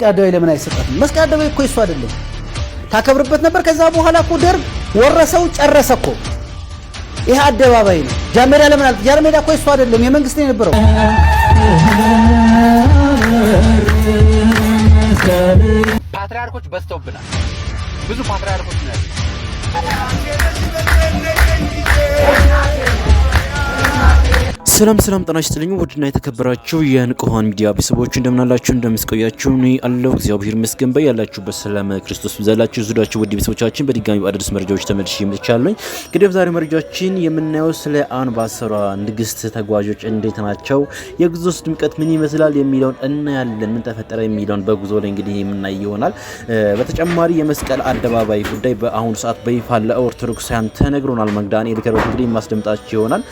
መስቀል አደባባይ ለምን አይሰጣትም? መስቀል አደባባይ እኮ እሱ አይደለም ታከብርበት ነበር። ከዛ በኋላ እኮ ደርግ ወረሰው ጨረሰ እኮ። ይሄ አደባባይ ነው። ጃንሜዳ ለምን አለ? ጃንሜዳ እኮ እሱ አይደለም የመንግስት ነው የነበረው። ፓትሪያርኮች በዝተውብናል። ብዙ ፓትሪያርኮች ነው ያሉት። ሰላም ሰላም ጤና ይስጥልኝ። ውድና የተከበራችሁ የንቁሆን ሚዲያ ቤተሰቦች እንደምናላችሁ እንደምስቆያችሁ እኔ አለሁ እግዚአብሔር ይመስገን። በያላችሁበት ሰላም ክርስቶስ ብዛላችሁ ዙዳችሁ ውድ ቤተሰቦቻችን በድጋሚ በአዳዲስ መረጃዎች ተመልሼ መጥቻለሁ። እንግዲህ ዛሬ መረጃችን የምናየው ስለ አንባሰሯ ንግስት ተጓዦች እንዴት ናቸው፣ የጉዞስ ድምቀት ምን ይመስላል የሚለውን እናያለን። ምን ተፈጠረ የሚለውን በጉዞ ላይ እንግዲህ የምናይ ይሆናል። በተጨማሪ የመስቀል አደባባይ ጉዳይ በአሁኑ ሰዓት በይፋ ለኦርቶዶክሳውያን ተነግሮናል። መግዳኔ ልከርበት እንግዲህ የማስደምጣችሁ ይሆናል።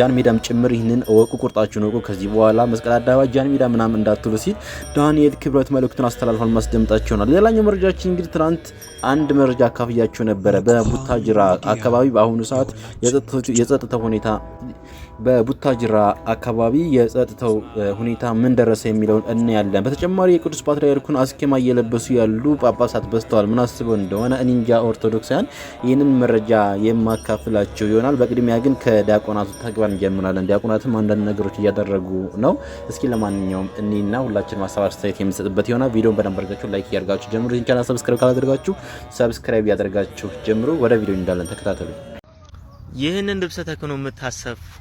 ጃን ሜዳም ጭምር ይህንን እወቁ፣ ቁርጣችሁን እወቁ። ከዚህ በኋላ መስቀል አደባባይ ጃን ሜዳ ምናምን እንዳትሉ ሲል ዳንኤል ክብረት መልእክቱን አስተላልፏል። ማስደምጣችሁ ይሆናል። ሌላኛው መረጃችን እንግዲህ ትናንት አንድ መረጃ አካፍያቸው ነበረ። በቡታጅራ አካባቢ በአሁኑ ሰዓት የጸጥታ ሁኔታ በቡታጅራ አካባቢ የጸጥታው ሁኔታ ምን ደረሰ የሚለውን እናያለን። በተጨማሪ የቅዱስ ፓትርያርኩን አስኬማ እየለበሱ ያሉ ጳጳሳት በዝተዋል። ምን አስበው እንደሆነ እኒንጃ ኦርቶዶክሳውያን ይህንን መረጃ የማካፍላቸው ይሆናል። በቅድሚያ ግን ከዲያቆናቱ ተግባር እንጀምራለን። ዲያቆናትም አንዳንድ ነገሮች እያደረጉ ነው። እስኪ ለማንኛውም እኔና ሁላችን ማሰብ አስተያየት የምንሰጥበት ይሆናል። ቪዲዮን በደንብ አድርጋችሁ ላይክ እያደርጋችሁ ጀምሩ። ቻና ቻናል ሰብስክራይብ ካላደርጋችሁ ሰብስክራይብ እያደርጋችሁ ጀምሩ። ወደ ቪዲዮ እንዳለን ተከታተሉ። ይህንን ልብሰ ተክህኖ የምታሰፉ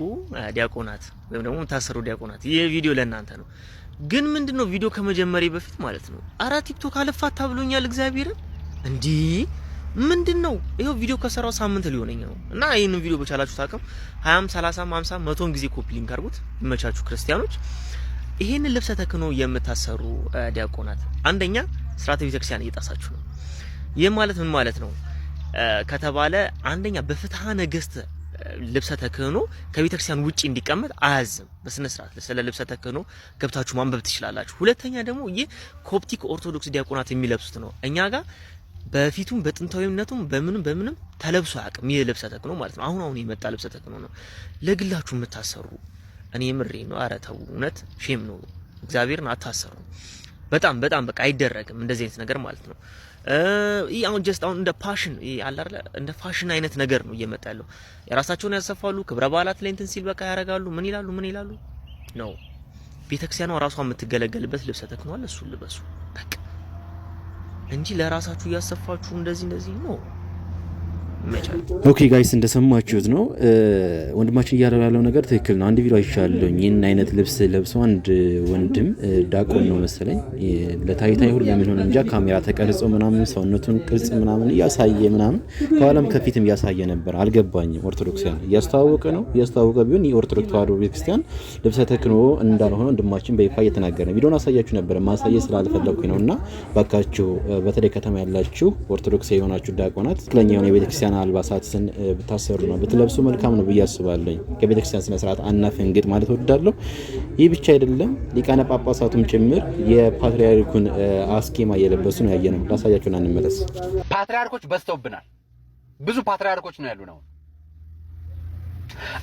ዲያቆናት ወይም ደግሞ የምታሰሩ ዲያቆናት ይህ ቪዲዮ ለእናንተ ነው። ግን ምንድነው ቪዲዮ ከመጀመሪ በፊት ማለት ነው አራ ቲክቶክ አለፋታ ብሎኛል። እግዚአብሔርን እንዲህ ምንድነው ይሄው ቪዲዮ ከሰራው ሳምንት ሊሆነኝ ነው። እና ይህንን ቪዲዮ በቻላችሁት አቅም 20፣ 30፣ 50፣ 100 ጊዜ ኮፒ ሊንክ አድርጉት። ይመቻችሁ ክርስቲያኖች። ይህንን ልብሰ ተክህኖ የምታሰሩ ዲያቆናት አንደኛ ስርዓተ ቤተክርስቲያን እየጣሳችሁ ነው። ይህ ማለት ምን ማለት ነው? ከተባለ አንደኛ በፍትሐ ነገስት ልብሰ ተክህኖ ከቤተክርስቲያን ውጭ እንዲቀመጥ አያዝም። በስነ ስርዓት ስለ ልብሰ ተክህኖ ገብታችሁ ማንበብ ትችላላችሁ። ሁለተኛ ደግሞ ይህ ኮፕቲክ ኦርቶዶክስ ዲያቆናት የሚለብሱት ነው። እኛ ጋር በፊቱም በጥንታዊነቱም በምንም በምንም ተለብሶ አያውቅም። ይህ ልብሰ ተክህኖ ማለት ነው። አሁን አሁን የመጣ ልብሰ ተክህኖ ነው። ለግላችሁ የምታሰሩ እኔ ምሬ ነው። ኧረ ተው፣ እውነት ሼም ነው። እግዚአብሔርን አታሰሩ። በጣም በጣም በቃ አይደረግም እንደዚህ አይነት ነገር ማለት ነው። ይህ አሁን ጀስት አሁን እንደ ፓሽን አላለ እንደ ፋሽን አይነት ነገር ነው እየመጣ ያለው። የራሳቸውን ያሰፋሉ፣ ክብረ በዓላት ላይ እንትን ሲል በቃ ያደርጋሉ። ምን ይላሉ ምን ይላሉ ነው ቤተክርስቲያኗ ራሷ የምትገለገልበት ልብሰ ተክኗል። እሱን ልበሱ በቃ እንጂ ለራሳችሁ እያሰፋችሁ እንደዚህ እንደዚህ ነው። መቻል። ኦኬ ጋይስ እንደሰማችሁት ነው ወንድማችን እያለው ያለው ነገር ትክክል ነው። አንድ ቪዲዮ አይቻለሁ። ይህን አይነት ልብስ ለብሶ አንድ ወንድም ዳቆን ነው መሰለኝ ለታይታ ይሁን ለምን ሆነ እንጃ ካሜራ ተቀርጾ ምናምን ሰውነቱን ቅርጽ ምናምን እያሳየ ምናምን ከኋላም ከፊትም እያሳየ ነበር። አልገባኝም። ኦርቶዶክስያን እያስተዋወቀ ነው እያስተዋወቀ ቢሆን የኦርቶዶክስ ተዋሕዶ ቤተክርስቲያን ልብሰ ተክኖ እንዳልሆነ ወንድማችን በይፋ እየተናገረ ቪዲዮን አሳያችሁ ነበረ ማሳየ ስላልፈለኩኝ ነው እና ባካችሁ በተለይ ከተማ ያላችሁ ኦርቶዶክስ የሆናችሁ ዳቆናት ትክክለኛ የሆነ የቤተክርስቲያን አልባሳትን ነው ብትለብሱ መልካም ነው ብዬ አስባለኝ። ከቤተክርስቲያን ስነስርዓት አናፈንግጥ ማለት ወዳለሁ። ይህ ብቻ አይደለም፣ ሊቃነ ጳጳሳቱም ጭምር የፓትሪያርኩን አስኬማ እየለበሱ ነው ያየነው። ላሳያችሁን አንመለስ። ፓትሪያርኮች በዝተውብናል። ብዙ ፓትሪያርኮች ነው ያሉ ነው።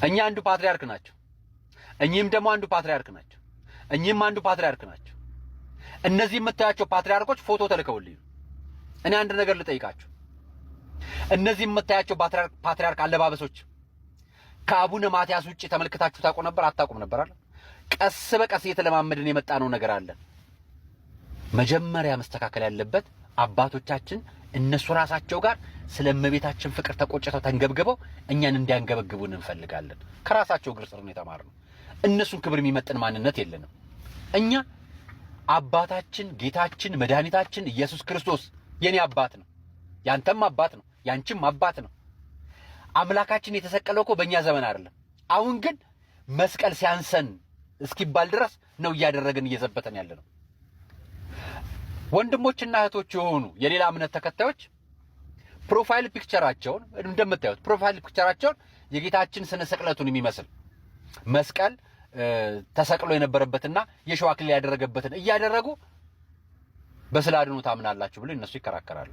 እኛ አንዱ ፓትሪያርክ ናቸው፣ እኚህም ደግሞ አንዱ ፓትሪያርክ ናቸው፣ እኚህም አንዱ ፓትሪያርክ ናቸው። እነዚህ የምታያቸው ፓትሪያርኮች ፎቶ ተልከውልኝ እኔ አንድ ነገር ልጠይቃችሁ እነዚህ የምታያቸው ፓትሪያርክ አለባበሶች ከአቡነ ማትያስ ውጭ ተመልክታችሁ ታውቁ ነበር? አታውቁም ነበር አለ። ቀስ በቀስ እየተለማመድን የመጣ ነው ነገር አለ። መጀመሪያ መስተካከል ያለበት አባቶቻችን እነሱ ራሳቸው ጋር ስለ እመቤታችን ፍቅር ተቆጭተው ተንገብግበው እኛን እንዲያንገበግቡን እንፈልጋለን። ከራሳቸው እግር ስር ነው የተማርነው። እነሱን ክብር የሚመጥን ማንነት የለንም። እኛ አባታችን ጌታችን መድኃኒታችን ኢየሱስ ክርስቶስ የኔ አባት ነው፣ ያንተም አባት ነው። ያንቺም አባት ነው። አምላካችን የተሰቀለው እኮ በእኛ ዘመን አይደለም። አሁን ግን መስቀል ሲያንሰን እስኪባል ድረስ ነው እያደረግን እየዘበተን ያለ ነው። ወንድሞችና እህቶች የሆኑ የሌላ እምነት ተከታዮች ፕሮፋይል ፒክቸራቸውን እንደምታዩት ፕሮፋይል ፒክቸራቸውን የጌታችን ስነ ስቅለቱን የሚመስል መስቀል ተሰቅሎ የነበረበትና የሸዋ ያደረገበትን እያደረጉ በስለ ታምናላችሁ ብሎ እነሱ ይከራከራሉ።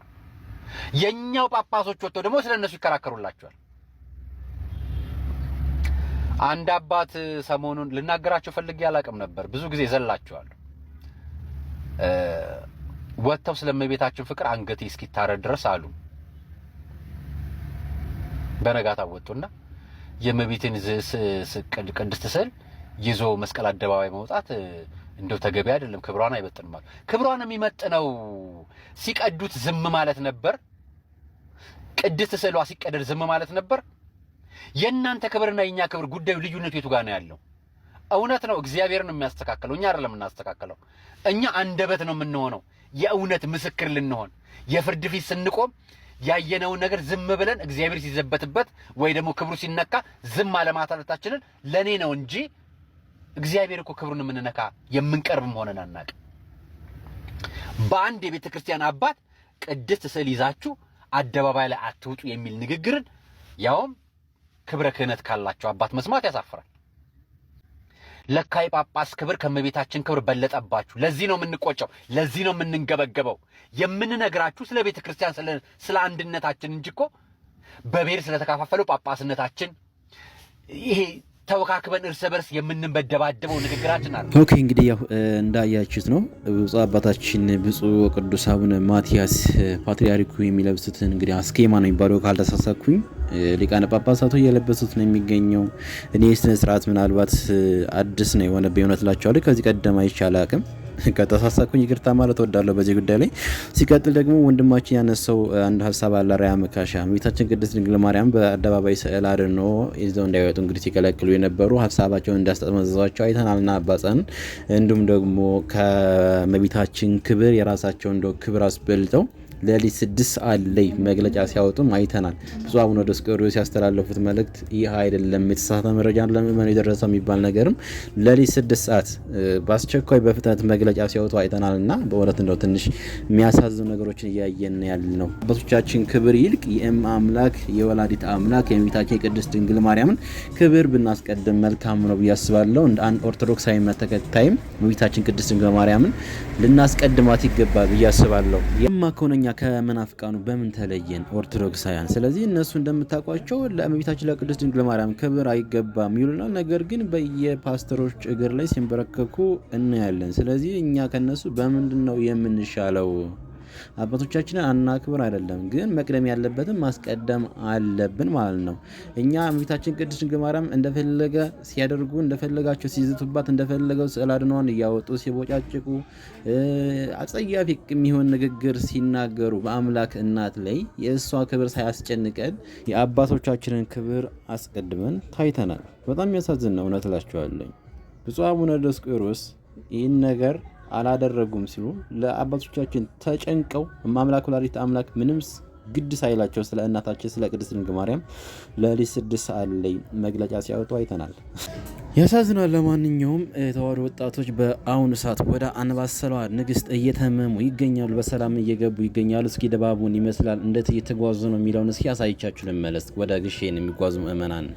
የእኛው ጳጳሶች ወጥተው ደግሞ ስለ እነሱ ይከራከሩላቸዋል። አንድ አባት ሰሞኑን ልናገራቸው ፈልጌ አላቅም ነበር፣ ብዙ ጊዜ ዘላቸዋል። ወጥተው ስለ እመቤታችን ፍቅር አንገቴ እስኪታረድ ድረስ አሉ። በነጋታ ወጡና የእመቤትን ቅድስት ስዕል ይዞ መስቀል አደባባይ መውጣት እንደው ተገቢ አይደለም፣ ክብሯን አይበጥንም አሉ። ክብሯን የሚመጥነው ሲቀዱት ዝም ማለት ነበር። ቅድስት ስዕሏ ሲቀደድ ዝም ማለት ነበር። የእናንተ ክብርና የእኛ ክብር ጉዳዩ ልዩነቱ የቱ ጋር ነው ያለው? እውነት ነው፣ እግዚአብሔር ነው የሚያስተካክለው፣ እኛ አይደለም የምናስተካክለው። እኛ አንደበት ነው የምንሆነው፣ የእውነት ምስክር ልንሆን የፍርድ ፊት ስንቆም ያየነውን ነገር ዝም ብለን እግዚአብሔር ሲዘበትበት ወይ ደግሞ ክብሩ ሲነካ ዝም አለማታለታችንን ለእኔ ነው እንጂ እግዚአብሔር እኮ ክብሩን የምንነካ የምንቀርብ መሆንን አናቅ። በአንድ የቤተ ክርስቲያን አባት ቅድስት ስዕል ይዛችሁ አደባባይ ላይ አትውጡ የሚል ንግግርን ያውም ክብረ ክህነት ካላቸው አባት መስማት ያሳፍራል። ለካ የጳጳስ ክብር ከእመቤታችን ክብር በለጠባችሁ። ለዚህ ነው የምንቆጨው፣ ለዚህ ነው የምንንገበገበው። የምንነግራችሁ ስለ ቤተ ክርስቲያን ስለ አንድነታችን እንጂ እኮ በብሔር ስለተከፋፈለው ጳጳስነታችን ይሄ ተወካክበን እርስ በርስ የምንመደባደበው ንግግራችን አለ። ኦኬ እንግዲህ ያው እንዳያችሁት ነው ብፁዕ አባታችን ብፁዕ ቅዱስ አቡነ ማትያስ ፓትርያርኩ የሚለብሱት እንግዲህ አስኬማ ነው የሚባለው ካልተሳሳኩኝ፣ ሊቃነ ጳጳሳቱ እየለበሱት ነው የሚገኘው። እኔ ስነ ስርዓት ምናልባት አዲስ ነው የሆነ በእውነት እላቸዋለሁ። ከዚህ ቀደም አይቼ አቅም ከተሳሳኩኝ ይቅርታ ማለት ወዳለሁ በዚህ ጉዳይ ላይ። ሲቀጥል ደግሞ ወንድማችን ያነሰው አንድ ሀሳብ አለ። ራያ መካሻ ሚታችን ቅድስት ድንግል ማርያም በአደባባይ ስዕል አድኖ ይዘው እንዳይወጡ እንግዲህ ሲከለክሉ የነበሩ ሀሳባቸውን እንዳስጠመዘዟቸው አይተናልና አባጸን እንዲሁም ደግሞ ከእመቤታችን ክብር የራሳቸው እንደ ክብር አስበልጠው ለሊት ስድስት ሰዓት ላይ መግለጫ ሲያወጡም አይተናል። ብፁዕ አቡነ ዲዮስቆሮስ ያስተላለፉት መልእክት ይህ አይደለም፣ የተሳሳተ መረጃ ለምእመኑ የደረሰው የሚባል ነገርም ለሊት ስድስት ሰዓት በአስቸኳይ በፍጥነት መግለጫ ሲያወጡ አይተናል እና በእውነት እንደው ትንሽ የሚያሳዝኑ ነገሮችን እያየን ያለ ነው። አባቶቻችን ክብር ይልቅ የእም አምላክ የወላዲት አምላክ የእመቤታችን የቅድስት ድንግል ማርያምን ክብር ብናስቀድም መልካም ነው ብዬ አስባለሁ። እንደ አንድ ኦርቶዶክሳዊ እምነት ተከታይም እመቤታችን ቅድስት ድንግል ማርያምን ልናስቀድማት ይገባል ብዬ አስባለሁ። የማ ከሆነኛ ከመናፍቃኑ በምን ተለየን? ኦርቶዶክሳውያን። ስለዚህ እነሱ እንደምታውቋቸው ለእመቤታችን ለቅድስት ድንግል ማርያም ክብር አይገባም ይሉናል። ነገር ግን በየፓስተሮች እግር ላይ ሲንበረከኩ እናያለን። ስለዚህ እኛ ከነሱ በምንድን ነው የምንሻለው? አባቶቻችንን አናክብር አይደለም፣ ግን መቅደም ያለበትን ማስቀደም አለብን ማለት ነው። እኛ እመቤታችን ቅድስት ድንግል ማርያም እንደፈለገ ሲያደርጉ፣ እንደፈለጋቸው ሲዝቱባት፣ እንደፈለገው ስዕለ አድኅኖዋን እያወጡ ሲቦጫጭቁ፣ አጸያፊ የሚሆን ንግግር ሲናገሩ በአምላክ እናት ላይ የእሷ ክብር ሳያስጨንቀን የአባቶቻችንን ክብር አስቀድመን ታይተናል። በጣም የሚያሳዝን ነው። እውነት እላቸዋለኝ ብፁዕ አቡነ ዲዮስቆሮስ ይህን ነገር አላደረጉም ሲሉ ለአባቶቻችን ተጨንቀው ማምላክ ወላዲተ አምላክ ምንም ግድ ሳይላቸው ስለ እናታችን ስለ ቅድስት ድንግል ማርያም ለሊት ስድስት ሰዓት ላይ መግለጫ ሲያወጡ አይተናል። ያሳዝናል። ለማንኛውም የተዋሕዶ ወጣቶች በአሁኑ ሰዓት ወደ አንባሰሏ ንግስት እየተመሙ ይገኛሉ። በሰላም እየገቡ ይገኛሉ። እስኪ ድባቡን ይመስላል እንዴት እየተጓዙ ነው የሚለውን እስኪ አሳይቻችሁ ልመለስ። ወደ ግሼን የሚጓዙ ምእመናን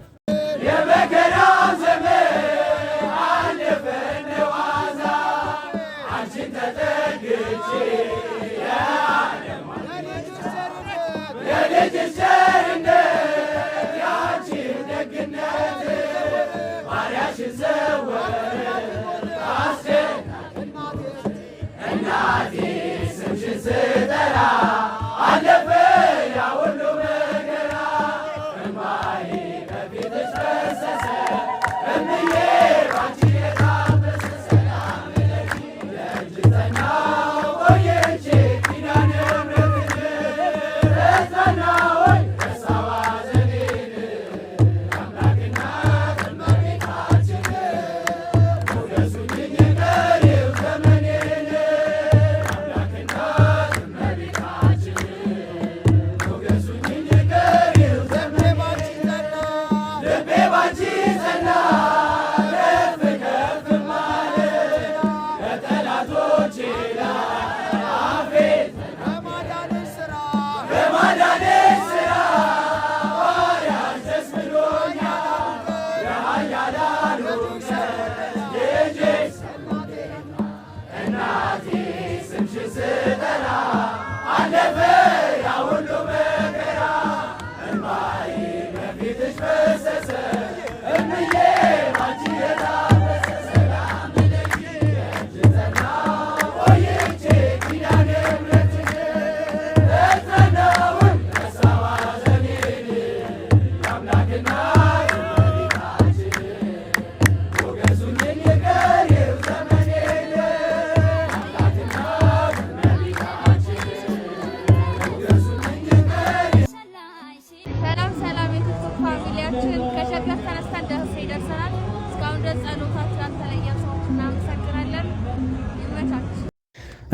ይደርሰናል። እስካሁን ድረስ ጸሎታችን አልተለየም። እናመሰግናለን። ይመቻችሁ።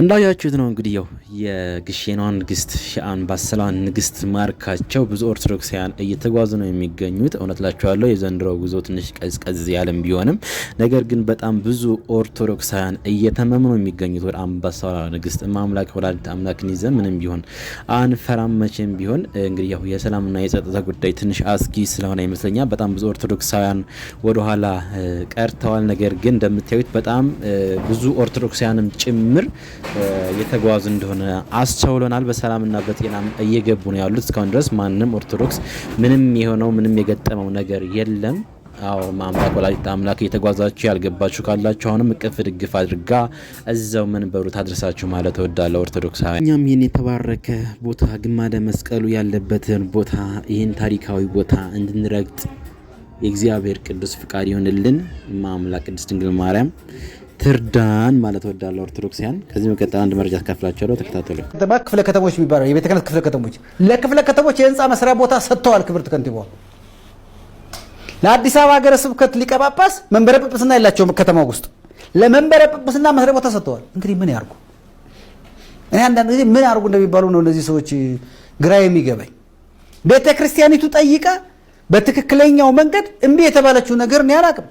እንዳያችሁት ነው እንግዲህ ያው የግሼኗ ንግስት የአምባሰሏ ንግስት ማርካቸው ብዙ ኦርቶዶክሳውያን እየተጓዙ ነው የሚገኙት። እውነት ላችኋለሁ የዘንድሮ ጉዞ ትንሽ ቀዝቀዝ ያለም ቢሆንም ነገር ግን በጣም ብዙ ኦርቶዶክሳውያን እየተመሙ ነው የሚገኙት ወደ አምባሰሏ ንግስት ማምላክ ወላዲተ አምላክን ይዘን ምንም ቢሆን አንፈራም መቼም ቢሆን። እንግዲህ ያው የሰላምና የጸጥታ ጉዳይ ትንሽ አስጊ ስለሆነ ይመስለኛል በጣም ብዙ ኦርቶዶክሳውያን ወደኋላ ቀርተዋል። ነገር ግን እንደምታዩት በጣም ብዙ ኦርቶዶክሳውያንም ጭምር የተጓዙ እንደሆነ አስቸውለናል። በሰላምና በጤና እየገቡ ነው ያሉት። እስካሁን ድረስ ማንም ኦርቶዶክስ ምንም የሆነው ምንም የገጠመው ነገር የለም። አዎ ማምላክ ወላዲተ አምላክ እየተጓዛችሁ ያልገባችሁ ካላችሁ አሁንም እቅፍ ድግፍ አድርጋ እዛው መንበሩ ታድርሳችሁ ማለት እወዳለሁ። ኦርቶዶክሳውያን እኛም ይህን የተባረከ ቦታ ግማደ መስቀሉ ያለበትን ቦታ ይህን ታሪካዊ ቦታ እንድንረግጥ የእግዚአብሔር ቅዱስ ፍቃድ ይሆንልን። ማምላክ ቅድስት ድንግል ማርያም ትርዳን ማለት ወዳለ ኦርቶዶክሲያን። ከዚህ መቀጠል አንድ መረጃ ትካፍላቸዋለሁ፣ ተከታተሉ። ክፍለ ከተሞች የሚባለው የቤተ ክህነት ክፍለ ከተሞች ለክፍለ ከተሞች የህንፃ መስሪያ ቦታ ሰጥተዋል። ክብርት ከንቲባ ለአዲስ አበባ ሀገረ ስብከት ሊቀ መንበረ ጵጵስና የላቸውም። ከተማ ውስጥ ለመንበረ ጵጵስና መስሪያ ቦታ ሰጥተዋል። እንግዲህ ምን ያርጉ? እኔ አንዳንድ ጊዜ ምን ያርጉ እንደሚባሉ ነው እነዚህ ሰዎች ግራ የሚገባኝ። ቤተ ክርስቲያኒቱ ጠይቃ በትክክለኛው መንገድ እምቢ የተባለችው ነገር እኔ አላቅም።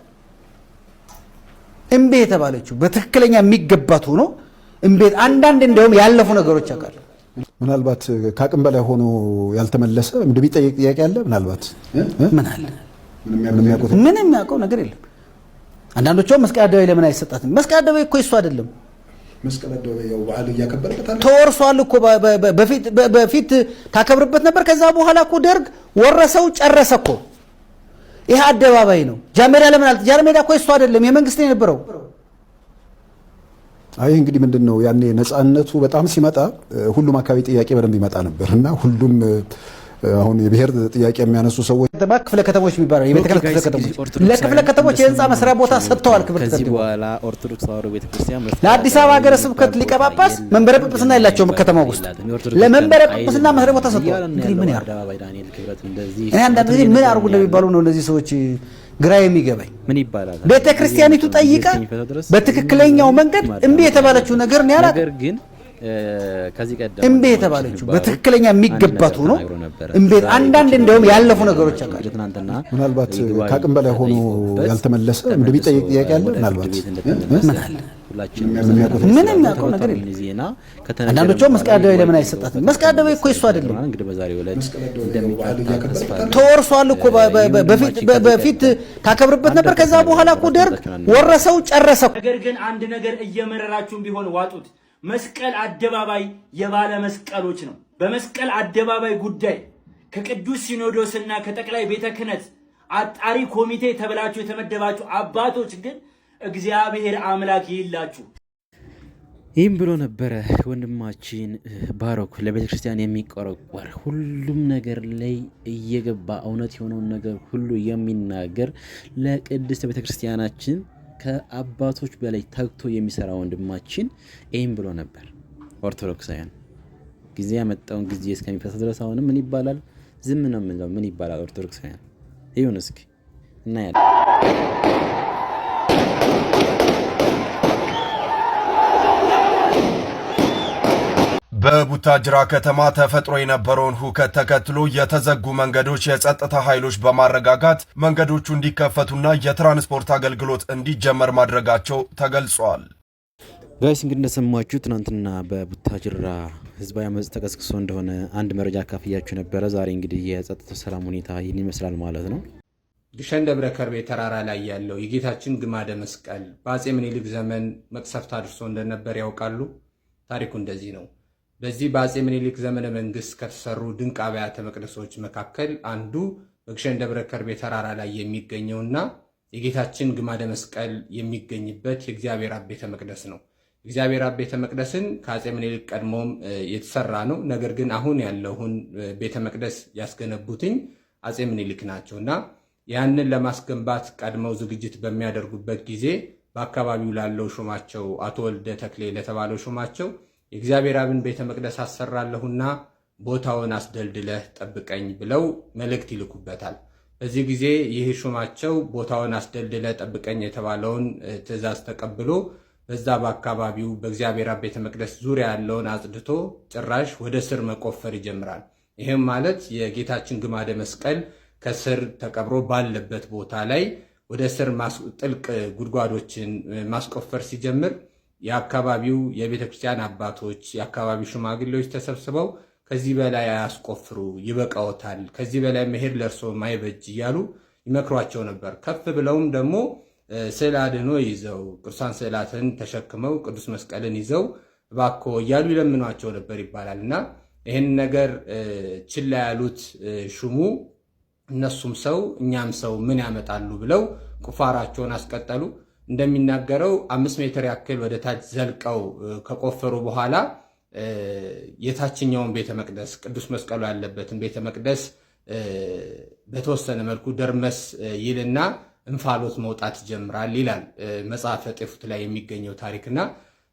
እምቤ የተባለችው በትክክለኛ የሚገባት ሆኖ እምቤት አንዳንድ እንዲያውም ያለፉ ነገሮች ያውቃል። ምናልባት ከአቅም በላይ ሆኖ ያልተመለሰ እንደሚጠይቅ ጥያቄ አለ። ምናልባት ምን አለ ምንም የሚያውቀው ነገር የለም። አንዳንዶቹ መስቀል አደባባይ ለምን አይሰጣትም? መስቀል አደባባይ እኮ እሱ አይደለም ተወርሷል እኮ በፊት ታከብርበት ነበር። ከዛ በኋላ እኮ ደርግ ወረሰው ጨረሰ እኮ ይሄ አደባባይ ነው። ጃንሜዳ ለምን አልት ጃንሜዳ እኮ የእሱ አይደለም የመንግስት የነበረው። አይ እንግዲህ ምንድን ነው ያኔ ነፃነቱ በጣም ሲመጣ ሁሉም አካባቢ ጥያቄ በደንብ ይመጣ ነበር እና ሁሉም አሁን የብሔር ጥያቄ የሚያነሱ ሰዎች ክፍለ ከተሞች የሚባለው የቤተክርስቲያን ክፍለ ከተሞች ለክፍለ ከተሞች የህንፃ መስሪያ ቦታ ሰጥተዋል። ክብር ኦርቶዶክስ ተዋሕዶ ቤተክርስቲያን ለአዲስ አበባ ሀገረ ስብከት ሊቀ ጳጳስ መንበረ ጵጵስና የላቸውም። ከተማ ውስጥ ለመንበረ ጵጵስና መስሪያ ቦታ ሰጥተዋል። እንግዲህ ምን ያርጉ? እኔ አንዳንድ ጊዜ ምን አርጉ እንደሚባሉ ነው እነዚህ ሰዎች ግራ የሚገባኝ ምን ይባላል። ቤተክርስቲያኒቱ ጠይቃ በትክክለኛው መንገድ እምቢ የተባለችው ነገር ነው ያላት። እምቤ የተባለችው በትክክለኛ የሚገባት ሆኖ አንዳንድ ያለፉ ነገሮች አቃል ምናልባት ከአቅም በላይ ሆኖ ያልተመለሰ እንደሚጠየቅ ጥያቄ አለ። ምናልባት ነገር የለም። አንዳንዶቹ መስቀል አደባባይ ለምን አይሰጣትም? መስቀል አደባባይ እኮ እሱ አይደለም ተወርሷል እኮ በፊት ታከብርበት ነበር። ከዛ በኋላ እኮ ደርግ ወረሰው ጨረሰው። ነገር ግን አንድ ነገር እየመረራችሁም ቢሆን ዋጡት። መስቀል አደባባይ የባለ መስቀሎች ነው። በመስቀል አደባባይ ጉዳይ ከቅዱስ ሲኖዶስና ከጠቅላይ ቤተ ክህነት አጣሪ ኮሚቴ ተብላችሁ የተመደባችሁ አባቶች ግን እግዚአብሔር አምላክ ይላችሁ። ይህም ብሎ ነበረ ወንድማችን ባሮክ ለቤተ ክርስቲያን የሚቆረቆር ሁሉም ነገር ላይ እየገባ እውነት የሆነውን ነገር ሁሉ የሚናገር ለቅድስት ቤተ ክርስቲያናችን ከአባቶች በላይ ተግቶ የሚሰራ ወንድማችን ይህም ብሎ ነበር። ኦርቶዶክሳውያን ጊዜ ያመጣውን ጊዜ እስከሚፈስ ድረስ አሁንም ምን ይባላል? ዝም ነው የምንለው። ምን ይባላል? ኦርቶዶክሳውያን ይሁን እስኪ እናያለን። በቡታጅራ ከተማ ተፈጥሮ የነበረውን ሁከት ተከትሎ የተዘጉ መንገዶች የጸጥታ ኃይሎች በማረጋጋት መንገዶቹ እንዲከፈቱና የትራንስፖርት አገልግሎት እንዲጀመር ማድረጋቸው ተገልጿል። ጋይስ እንግዲህ እንደሰማችሁ ትናንትና በቡታጅራ ህዝባዊ አመፅ ተቀስቅሶ እንደሆነ አንድ መረጃ ካፍያችሁ ነበረ። ዛሬ እንግዲህ የጸጥታ ሰላም ሁኔታ ይህን ይመስላል ማለት ነው። ግሸን ደብረ ከርቤ ተራራ ላይ ያለው የጌታችን ግማደ መስቀል በአጼ ምኒልክ ዘመን መቅሰፍት አድርሶ እንደነበር ያውቃሉ። ታሪኩ እንደዚህ ነው። በዚህ በአጼ ምኒልክ ዘመነ መንግስት ከተሰሩ ድንቅ አብያተ መቅደሶች መካከል አንዱ በግሸን ደብረ ከርቤ ተራራ ላይ የሚገኘውና የጌታችን ግማደ መስቀል የሚገኝበት የእግዚአብሔር አብ ቤተ መቅደስ ነው። እግዚአብሔር አብ ቤተ መቅደስን ከአጼ ምኒልክ ቀድሞም የተሰራ ነው። ነገር ግን አሁን ያለውን ቤተ መቅደስ ያስገነቡትኝ አጼ ምኒልክ ናቸው እና ያንን ለማስገንባት ቀድመው ዝግጅት በሚያደርጉበት ጊዜ በአካባቢው ላለው ሹማቸው አቶ ወልደ ተክሌ ለተባለው ሹማቸው የእግዚአብሔር አብን ቤተ መቅደስ አሰራለሁና ቦታውን አስደልድለህ ጠብቀኝ ብለው መልእክት ይልኩበታል። በዚህ ጊዜ ይህ ሹማቸው ቦታውን አስደልድለህ ጠብቀኝ የተባለውን ትእዛዝ ተቀብሎ በዛ በአካባቢው በእግዚአብሔር አብ ቤተ መቅደስ ዙሪያ ያለውን አጽድቶ ጭራሽ ወደ ስር መቆፈር ይጀምራል። ይህም ማለት የጌታችን ግማደ መስቀል ከስር ተቀብሮ ባለበት ቦታ ላይ ወደ ስር ጥልቅ ጉድጓዶችን ማስቆፈር ሲጀምር የአካባቢው የቤተ ክርስቲያን አባቶች፣ የአካባቢው ሽማግሌዎች ተሰብስበው ከዚህ በላይ አያስቆፍሩ፣ ይበቃዎታል፣ ከዚህ በላይ መሄድ ለእርሶ ማይበጅ እያሉ ይመክሯቸው ነበር። ከፍ ብለውም ደግሞ ስዕል አድኖ ይዘው ቅዱሳን ስዕላትን ተሸክመው ቅዱስ መስቀልን ይዘው ባኮ እያሉ ይለምኗቸው ነበር ይባላል እና ይህን ነገር ችላ ያሉት ሹሙ እነሱም ሰው እኛም ሰው ምን ያመጣሉ ብለው ቁፋራቸውን አስቀጠሉ። እንደሚናገረው አምስት ሜትር ያክል ወደ ታች ዘልቀው ከቆፈሩ በኋላ የታችኛውን ቤተ መቅደስ ቅዱስ መስቀሉ ያለበትን ቤተ መቅደስ በተወሰነ መልኩ ደርመስ ይልና እንፋሎት መውጣት ይጀምራል ይላል መጽሐፈ ጤፉት ላይ የሚገኘው ታሪክና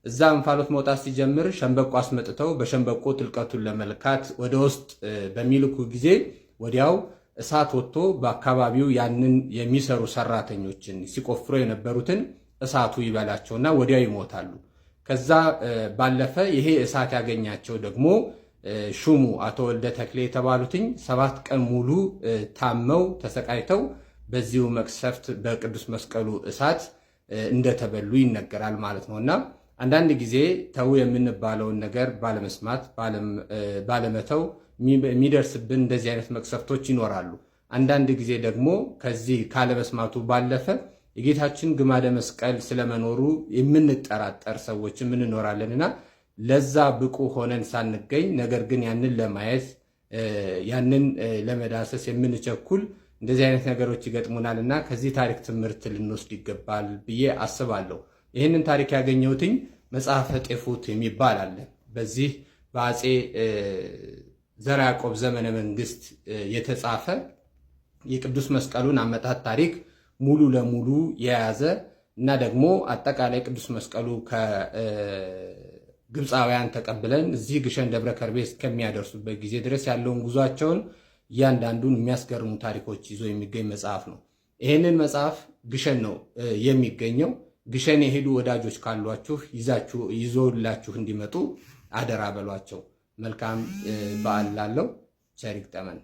እዛ እንፋሎት መውጣት ሲጀምር ሸንበቆ አስመጥተው በሸንበቆ ጥልቀቱን ለመልካት ወደ ውስጥ በሚልኩ ጊዜ ወዲያው እሳት ወጥቶ በአካባቢው ያንን የሚሰሩ ሰራተኞችን ሲቆፍሮ የነበሩትን እሳቱ ይበላቸውና ወዲያው ይሞታሉ። ከዛ ባለፈ ይሄ እሳት ያገኛቸው ደግሞ ሹሙ አቶ ወልደ ተክሌ የተባሉትኝ ሰባት ቀን ሙሉ ታመው ተሰቃይተው በዚሁ መቅሰፍት በቅዱስ መስቀሉ እሳት እንደተበሉ ይነገራል ማለት ነውና አንዳንድ ጊዜ ተው የምንባለውን ነገር ባለመስማት ባለመተው የሚደርስብን እንደዚህ አይነት መቅሰፍቶች ይኖራሉ። አንዳንድ ጊዜ ደግሞ ከዚህ ካለመስማቱ ባለፈ የጌታችን ግማደ መስቀል ስለመኖሩ የምንጠራጠር ሰዎችም እንኖራለንና ለዛ ብቁ ሆነን ሳንገኝ ነገር ግን ያንን ለማየት ያንን ለመዳሰስ የምንቸኩል እንደዚህ አይነት ነገሮች ይገጥሙናል እና ከዚህ ታሪክ ትምህርት ልንወስድ ይገባል ብዬ አስባለሁ። ይህንን ታሪክ ያገኘሁትኝ መጽሐፈ ጤፉት የሚባል አለ። በዚህ በአፄ ዘርዓ ያዕቆብ ዘመነ መንግስት የተጻፈ የቅዱስ መስቀሉን አመጣት ታሪክ ሙሉ ለሙሉ የያዘ እና ደግሞ አጠቃላይ ቅዱስ መስቀሉ ከግብፃውያን ተቀብለን እዚህ ግሸን ደብረ ከርቤ እስከሚያደርሱበት ጊዜ ድረስ ያለውን ጉዟቸውን እያንዳንዱን የሚያስገርሙ ታሪኮች ይዞ የሚገኝ መጽሐፍ ነው። ይህንን መጽሐፍ ግሸን ነው የሚገኘው። ግሸን የሄዱ ወዳጆች ካሏችሁ ይዛችሁ ይዞላችሁ እንዲመጡ አደራ በሏቸው። መልካም በዓል ላለው ቸር ይግጠመን።